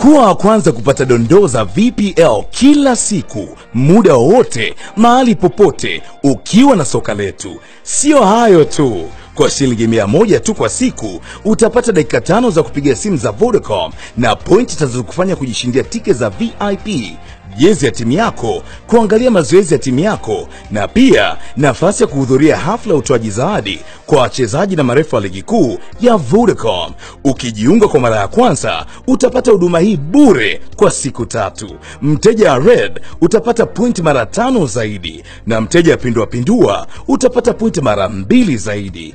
Kuwa wa kwanza kupata dondoo za VPL kila siku, muda wowote, mahali popote, ukiwa na soka letu. Sio hayo tu kwa shilingi mia moja tu kwa siku utapata dakika tano za kupiga simu za Vodacom na pointi zitazokufanya kujishindia tiketi za VIP, jezi ya timu yako, kuangalia mazoezi ya timu yako na pia nafasi ya kuhudhuria hafla ya utoaji zawadi kwa wachezaji na marefu wa ligi kuu ya Vodacom. Ukijiunga kwa mara ya kwanza, utapata huduma hii bure kwa siku tatu. Mteja wa Red utapata point mara tano zaidi, na mteja wa Pindua Pindua utapata point mara mbili zaidi.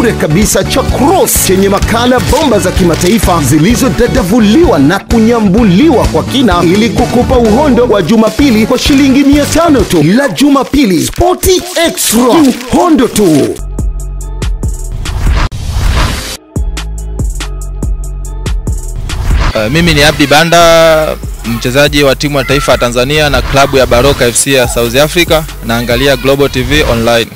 bure kabisa cha Cross chenye makala bomba za kimataifa zilizodadavuliwa na kunyambuliwa kwa kina ili kukupa uhondo wa Jumapili kwa shilingi tano tu. La Jumapili Sporty Extra, uhondo tu. Uh, mimi ni Abdi Banda mchezaji wa timu ya taifa ya Tanzania na klabu ya Baroka FC ya South Africa, naangalia Global TV Online.